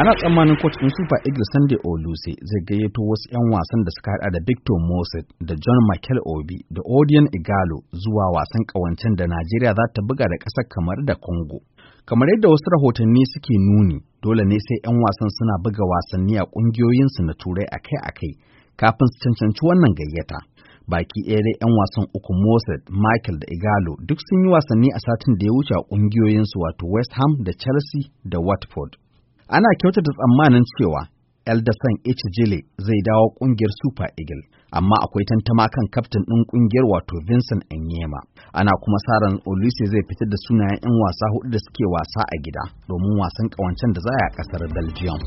ana tsammanin coach ɗin super eagles sunday oluse zai gayyato wasu 'yan wasan da suka haɗa da victor moses da john michael obi da odion igalo zuwa wasan ƙawancen da najeriya za ta buga da ƙasar kamar da congo kamar yadda wasu rahotanni suke nuni dole ne sai 'yan wasan suna buga wasanni a ƙungiyoyinsu na turai akai-akai kafin su cancanci wannan gayyata baki ɗaya dai 'yan wasan uku Moses, Michael da Igalo duk sun yi wasanni a satin da ya wuce a ƙungiyoyinsu wato West Ham da Chelsea da Watford. Ana kyautata tsammanin cewa Elderson Echejele zai dawo ƙungiyar Super Eagle, amma akwai tantama kan kaftin ɗin ƙungiyar wato Vincent enyema Ana kuma sa ran Olise zai fitar da sunayen 'yan wasa hudu da suke wasa a gida domin wasan ƙawancen da za a ƙasar Belgium.